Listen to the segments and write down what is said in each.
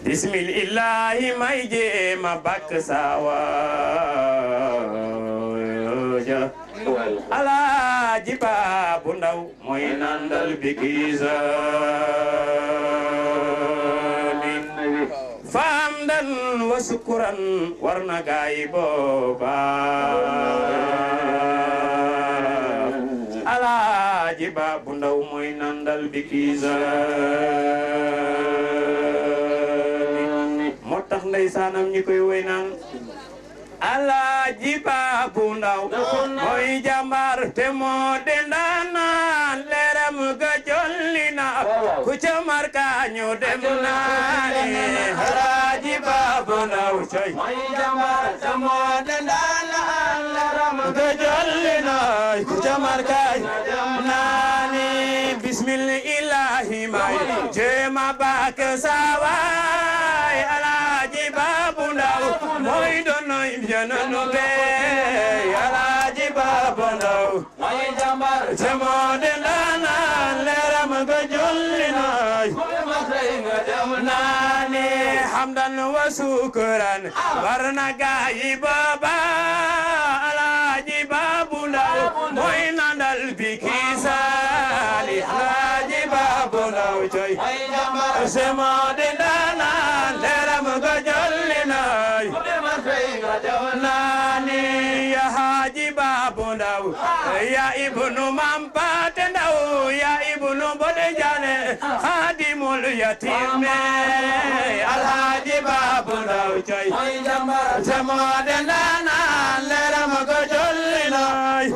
bismillahi may jéema bakk sawa ala jiba ndaw mooy nandal bikiisa famdan wa sukuran warna gaay booba ala jiba ndaw mooy nandal bikiisa tax ndeysaanam ñi koy woy naan alaaji baabu ndaw mooy jàmbaar te moo dendaanaan leeram ga jolli na ku ca marka ñu dem naani alaaji baabu ndaw coy mooy jàmbaar te moo dendaanaan leeram ga jolli na ku ca marka te moo di ndaanaan leeram ga julli nañ naa ni hamdan wa sukuran war na gaayi baba alaaji baabu ndaw mooy nandal bi kiisaali alaaji baabu ndaw coy te moo di ndaanaan xaadimul yatiim alhaaji baabu raw coy se moo de ndaanaan leeram ko jolli nooy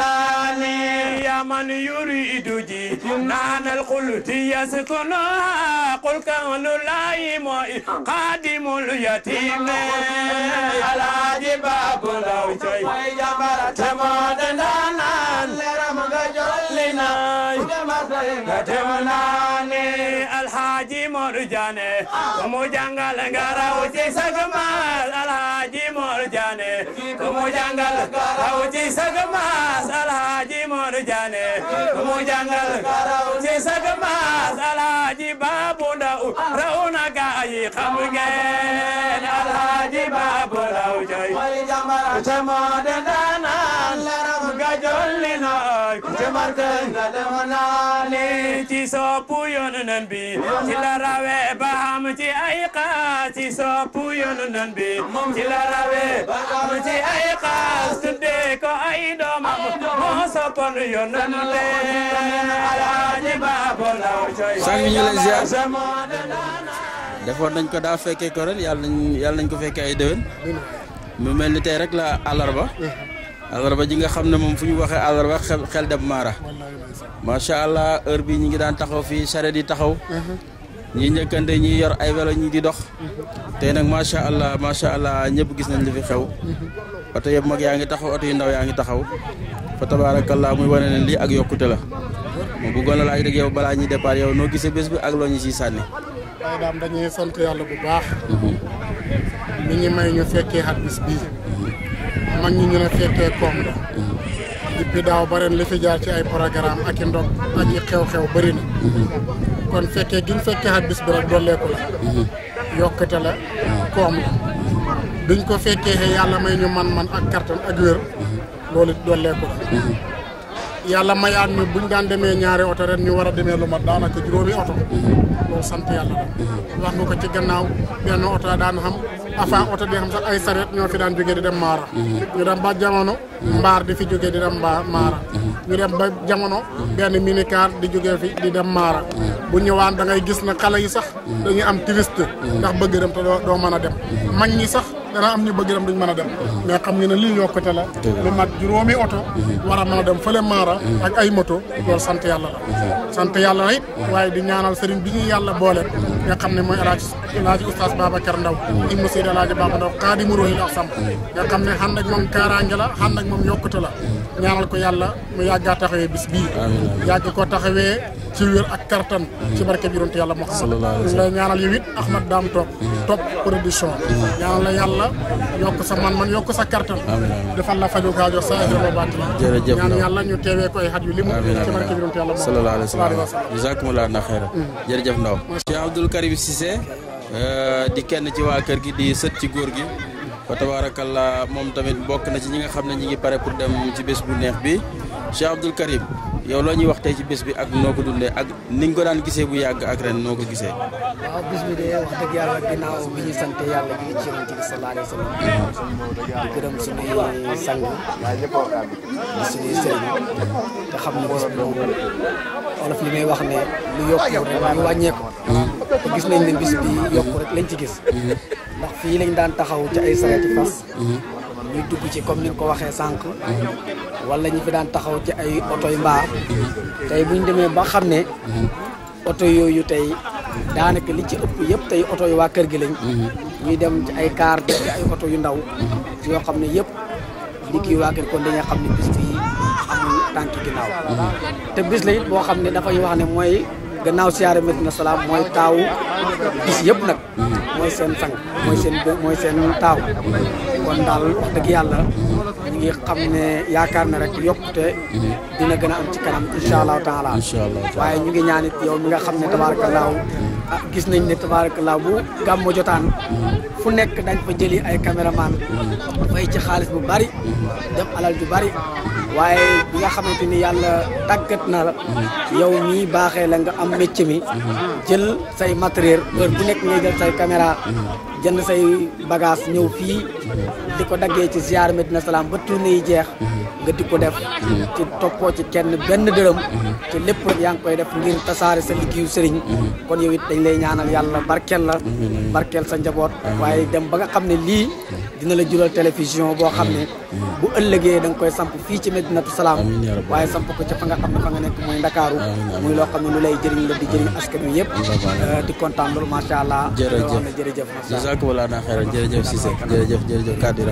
naani yaa man yuriidu ji naanal qulti yaskunu qul kawlu laayi mooy xaadimul yatiim alhaaji baabu raw coy se moo de Mor Diané ku mu jàngal nga raw ci sag maas Alaaji Mor Diané ku mu jàngal nga raw ci sag maas Alaaji Mor Diané ku mu jàngal nga raw ci sag maas Alaaji Babu Ndaw raw na gaay yi xam ngeen Alaaji Babu Ndaw jooy barke nga dem naa li ci soppu Yonent ci la ci ay xaas ci soppu Yonent ci la rawe ci ay xaas tuddee moo soppoon Yonent bi Alaaji Baaba Law coy sang ñu lay nañ ko daal fekkee ko ren yàlla nañ ko fekkee ay mu mel ni tey rek la àllarba alarba ji nga xam ne moom fu alarba xel dem maara macha allah heure bi ñi ngi daan taxaw fii saret yi taxaw mhm. ñi njëkkante ñi yor ay welo ñi di dox mhm. tey nag macha allah macha allah ñëpp gis nañ li fi xew mhm. oto yëpp mag yaa ngi taxaw oto yu ndaw yaa ngi taxaw fa tabarakallah muy wane ne lii ak yokkute la mu bëggoon la laaj rek yow balaa ñuy départ yow noo gisee bés bi ak loo ñu siy sànni daam dañuy sant yàlla bu baax mi ngi may ñu fekkee at bis man ñi ñu ne feetee koom la depuis daaw li fi jaar ci ay programme ak i ndog i xew-xew bëri kon fekkee gi ñu fekkee xat bis bi la yokkute la koom la biñ ko fekkee yàlla may ñu man-man ak kattan ak wér loolu dolleeku la yàlla mayaat ñu buñ daan demee ñaari oto ren ñu war a demee lu mat daanaka juróomi oto loolu sant yàlla la wax nga ko ci gannaaw benn oto daan xam avant oto bi xam sax ay saret ñoo fi daan jógee di dem Mara mhm. ñu dem ba jamono mhm. mbaar di fi jógee di dem ba Mara mhm. ñu dem ba jamono benn minicar di jógee fi di dem Mara bu ñëwaan da ngay gis na xale yi sax dañu am triste ndax bëgg dem doo mën a dem mag sax dana am ñu bëgg dem duñ mën a dem mais xam nga ne yokkute la lu mat juróomi oto mhm. war a mën a dem fële maara mhm. ak ay moto loolu sant yàlla la mhm. sant yàlla la waaye di ñaanal sëriñ bi ñuy yàlla boole nga xam ne mooy alaaji alaaji oustaz Babacar Ndaw i mosiid alaaji Baba Ndaw xaadimu rohil ak sam nga xam ne xànd ak moom kaaraange la xànd ak moom yokkute la ñaanal ko yàlla mu yàggaa taxawee bis bii ko taxawee ci wér ak kartan ci barke bi yàlla moo xam la ñaanal yow it Ahmad Dame Top Top production ñaanal yàlla yokk sa man man yokk sa kartan defal la faju gaajo sa ajra ba la jërëjëf ñaan yàlla ñu teewee ko ay xat yu bi yonent yàlla moo sallallahu alayhi wa sallam jazakumullahu na mm. jërëjëf ndaw Cheikh Abdoul Karim Cissé euh, di kenn ci waa kër gi di sët ci góor gi fa tabarakallah moom tamit bokk na ci ñi nga xam ne ñi ngi pare pour dem ci bés bu neex bi Cheikh Abdoul Karim yow loo ñuy wax tey ci bés bi ak noo ko dundee ak ni nga ko daan gisee bu yàgg ak ren noo ko gisee. waaw bés bi de wax dëgg yàlla ginnaaw bi ñu sant yàlla ñu ngi ci yonent bi sallallahu alayhi wa sallam. di gërëm suñuy sang di suñuy sëriñ te xam ne bés bi moom olof li may wax ne lu yokk rek ñu wàññeeku. gis nañ ne bés bi yokk rek lañ ci gis. Mm-hmm. ndax fii lañ daan taxaw ci ay sareti fas. Mm-hmm. ñu dugg ci comme ni ko waxee sànq. wala ñi fi daan taxaw ci ay oto yu mbaar. tey bu ñu demee ba xam ne. oto yooyu tey daanaka li ci ëpp yëpp tey oto yu waa kër gi lañ. ñuy dem ci ay kaar ci ay oto yu ndaw. yoo xam ne yëpp liggéeyu waa kër kon dañuy xam ne bis yi amul tànk ginnaaw. te bis la boo xam ne dafay wax ne mooy. gannaaw siyaare Medina Salaam mooy taawu bis yëpp nag mooy seen sang mooy seen mooy seen taaw kon daal wax dëgg yàlla ñu ngi xam ne yaakaar na rek yokkute dina gën a am ci kanam incha allahu taala waaye ñu ngi ñaanit yow mi nga xam ne tabaarakallaahu ah gis nañ ne tabaarakallaahu bu gàmmo jotaan fu nekk dañ fa jëli ay caméraman mm-hmm. fay ci xaalis bu bari dem alal ju bari waaye bi nga xamante ni yàlla tàggat na la yow mii baaxee la nga am métier mi jël say matériel heure bu nekk ngay jël say caméra jënd say bagage ñëw fii di ko daggee ci ziar Medina Salaam ba tournée yi jeex nga di ko def ci toppoo ci kenn benn dërëm ci lépp yaa ngi koy def ngir tasaare sa liggéeyu sëriñ kon yow it dañ lay ñaanal yàlla barkeel la barkeel sa njaboot waaye dem ba nga xam ne dina la jural télévision boo xam bu ëllëgee da nga koy samp fii ci madinatu salaam waaye samp ko ca fa nga xam ne fa nga nekk mooy ndakaaru muy loo xam ne lu lay jëriñ la di jëriñ askan wi yëpp di kontaan loolu macha allah jërëjëf jërëjëf jazakumullah na xeyran jërëjëf Cissé jërëjëf jërëjëf kàddu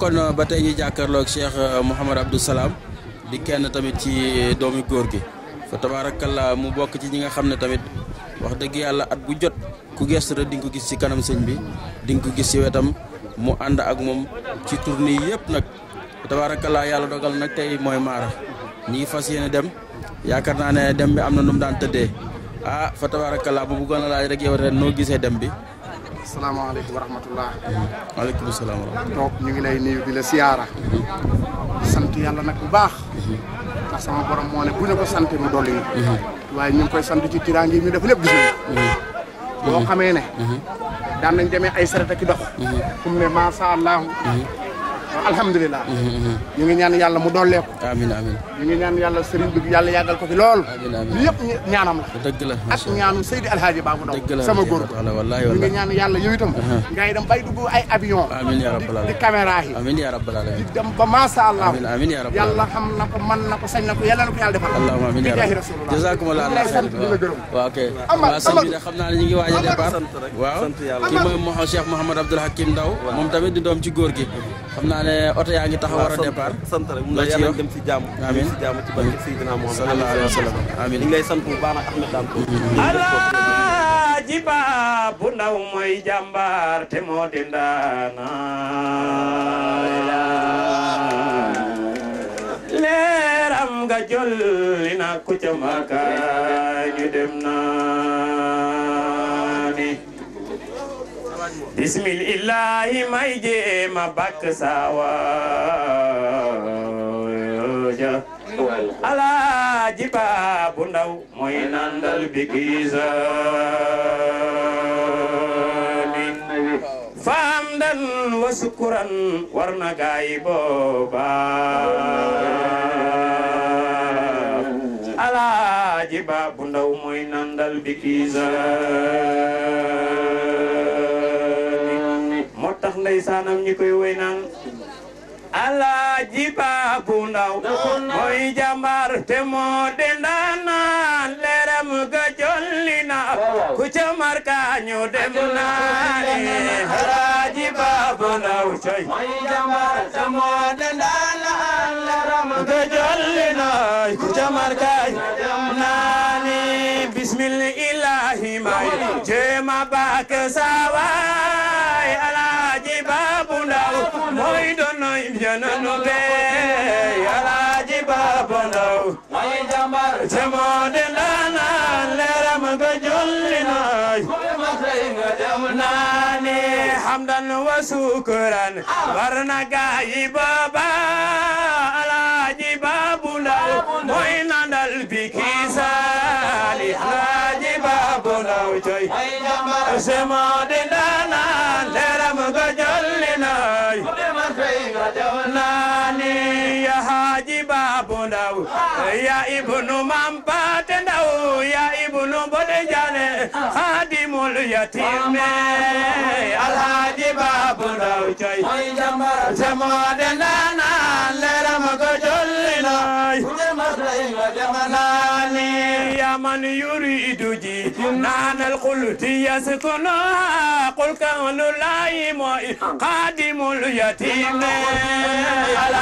kon ba ñu Cheikh Abdou Salam di kenn tamit ci gi fa tabarakallah mu ci ñi nga tamit wax at bu jot ku ko gis ci kanam bi ko gis ci wetam mu ak ci tabaarakallaa yàlla dogal nag tey mooy maara ñi ngi fas yéene dem yaakaar naa ne dem bi am na nu mu daan tëddee ah fa tabaarakallaa bu bëggoon a laaj rek yow ren noo gisee dem bi. salaamaaleykum wa rahmatulah. waaleykum salaam wa rahmatulah. toog ñu ngi lay nuyu di la siyaara. sant yàlla nag bu baax. ndax sama borom moo ne bu ñu ko sant mu dolli ñu. Mhm. waaye ñu ngi koy sant ci tiraange yi ñu def lépp gis nañu. Mhm. boo mhm. xamee ne. daan nañ demee ay saret ak dox. fu ne macha allah. alhamdulilah. Mm-hmm, mm-hmm. ñu ngi ñaan yàlla mu dollee ko. amiin amiin ñu ngi ñaan yàlla sëriñ bi yàlla yàggal ko fi lool. amiin amiin yëpp ñaanam la. dëgg la ak ñaanu Seydi Alhaji Babou Ndaw sama góor ko ñu ngi ñaan yàlla yow itam. ngay uh-huh. dem bay dugg ay avion. amiin yaa rabbal di caméra yi. amiin yaa rabbal di dem ba macha allah. amiin amiin yaa rabbal yàlla xam na ko mën na ko sañ na ko yàlla na ko yàlla defal. allahumma amiin yaa rabbi jazakumullah allah xayran waaw ok waaw sëñ bi de xam naa ne ñu ngi waaj a départ waaw kii mooy Cheikh Mouhamed Abdoul Hakim Ndaw moom tamit di doom ci góor gi xam naa ne oto yaa ngi taxaw war a départ sant rek mun na yàlla dem si jàmm amiin si jàmm ci barke Seydina Mohamed sallallahu alayhi wa sallam amiin ñu ngi lay sant Daan alaaji Ba bu ndaw mooy te moo di ndaana leeram nga jolli na ku ca maka ñu dem na bismillahi may jéema bàkk sawa alaaji baabu ndaw mooy nandal bikiisa famdan wa sukuran war na gaay booba alaaji baabu ndaw nandal bikiisa ndeysaanam ñi koy woy naan alaaji baabu ndaw mooy jàmbaar te moo dendanaan leeram ga jolli na ku ca marka dem naane alaaji baabu ndaw coy mooy jàmbaar te moo dendanaan leeram ga jolli na ku ca marka dem naane bismillaahi may jéema baak saawaan yononu be Alaaji Baaba Ndaw may jambar te moo di ndaanaan leeram nga julli naay naani hamdan wa sukuran war ah. na gaayi baba Alaaji Baabu Ndaw mooy nandal bi kiisaali Alaaji Baabu Ndaw coy se moo di jonaani ya haaji baabu ndaw ya ibnu mampate ndaw ya ibnu bode jane xaadimul yatime alhaaji baabu ndaw coy semoode ndaanaan leerama ko jollinoy يا من يريد جي نان القلت يسكن قل كان لايم قادم اليتيم على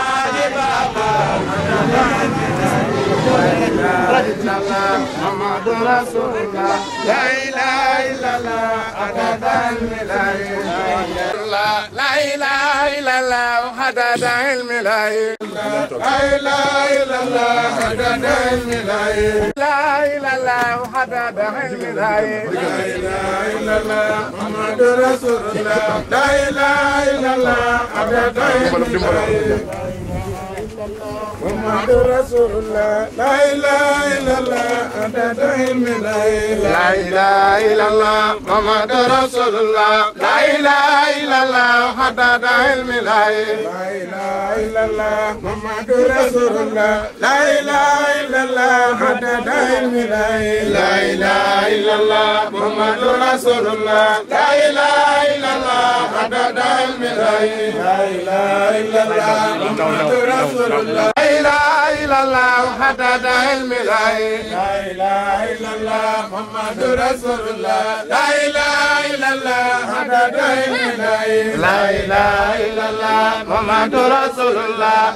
محمد رسول الله لا اله الا الله عددا لا اله لا إله إلا الله حدد علم لا إله إلا الله حدد علم لا لا إله إلا الله حدد علم لا لا إله إلا الله محمد رسول الله لا إله إلا الله حدد علم لا محمد رسول الله لا إله إلا الله عدد علمه لا إله إلا الله محمد رسول الله لا إله إلا الله عدد علمه لا إله إلا الله محمد رسول الله لا إله إلا الله عدد علمه لا إله إلا الله محمد رسول الله لا إله عدد الملايين لا اله الا الله محمد رسول الله لا اله الا الله عدد الملايين لا اله الا الله محمد رسول الله لا اله الا الله عدد الملايين لا اله الا الله محمد رسول الله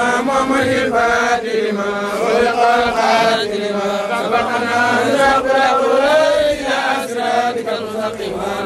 مم الفاتمة خلق الخاتمة سبقنا زبرة إلى أسرارك المستقيمة